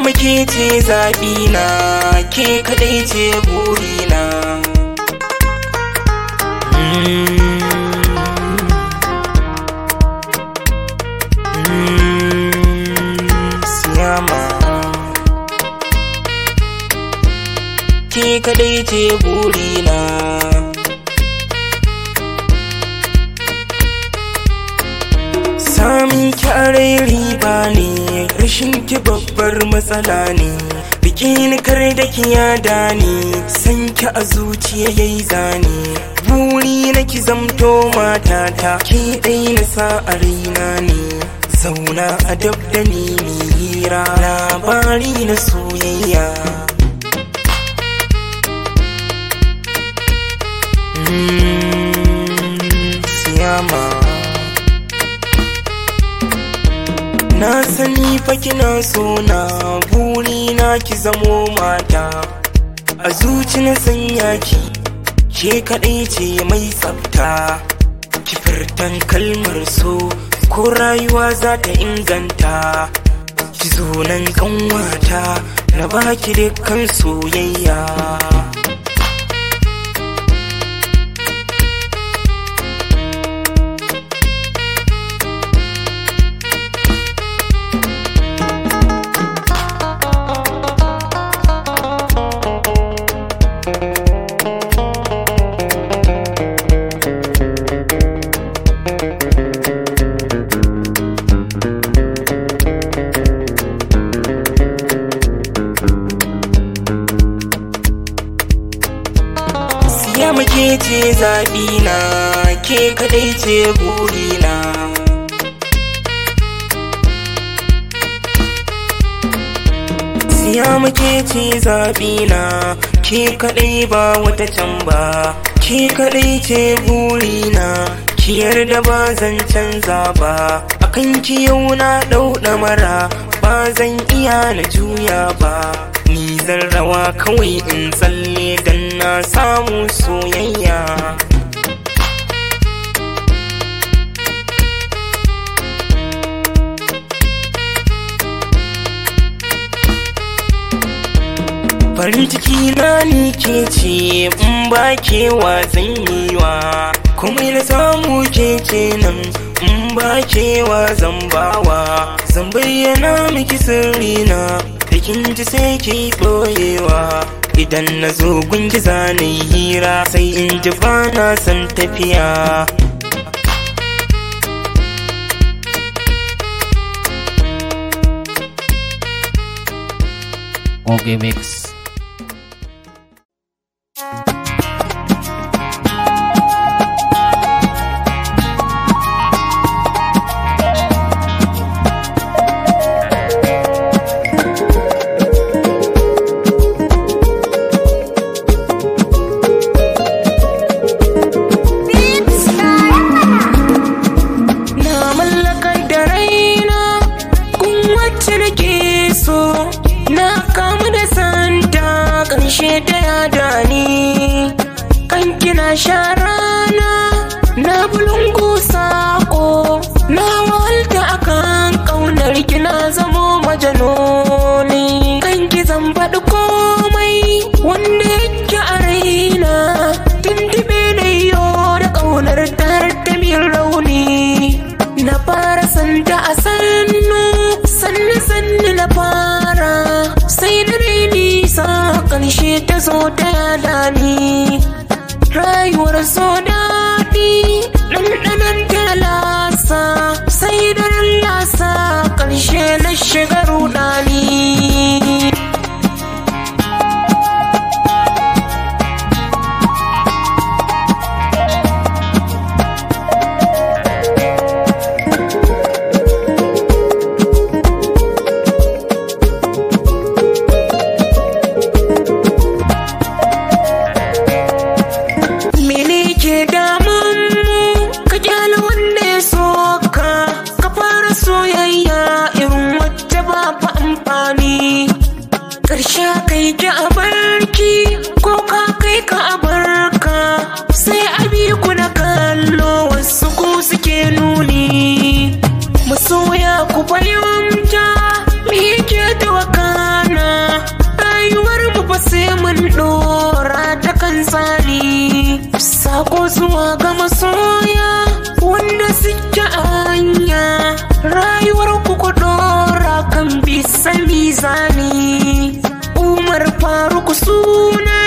muke ce ce zaɓina ke kaɗai ce burina Siyama ke kaɗai ce burina karai riba ne rashin ki babbar matsala ne bikin ni kar da ki yada ne san a zuciya yayi zane buri na ki zamto matata ki dai na sa a rina ne zauna a dab da ni hira labari na soyayya hmm, Siyama na sani fa kina so na buri na ki zamo mata a zuci na sanya ki ke kaɗai ce mai tsafta ki firtan kalmar so ko rayuwa za ta inganta ki zo nan kanwata na baki dukkan soyayya ya muke ce zaɓi na ke kaɗai ce burina siya muke ce zaɓi na ke kaɗai ba wata can ba ke kaɗai ce na ki yarda ba zan canza ba akan ki yau na ɗau ɗamara ba zan iya na juya ba ni zan rawa kawai in tsalle don na samu soyayya farin ciki na ni ke ce in ba kewa zan yi wa kuma na samu ke ce nan in ba kewa zan bawa zan bayyana miki sirri na kin ji sai ki boyewa idan na zo gungi zanayi hira sai in ji bana san tafiya Okay, mix. kashe da ni kan kina sharana na bulungu sako na walta akan kaunar kina zamo majanoni kan ki zan faɗi komai wanda yake a raina tuntube ne yo da kaunar tarar da min rauni na fara santa a sannu sannu sannu na fara so dani rayuwar so daɗi ɗanɗanan ta sai da lasa ƙarshe na shiga rudani mun ɗora ta kan tsari sako zuwa ga masoya wanda suke a hanya rayuwar ku ku ɗora kan bisa mizani umar ku suna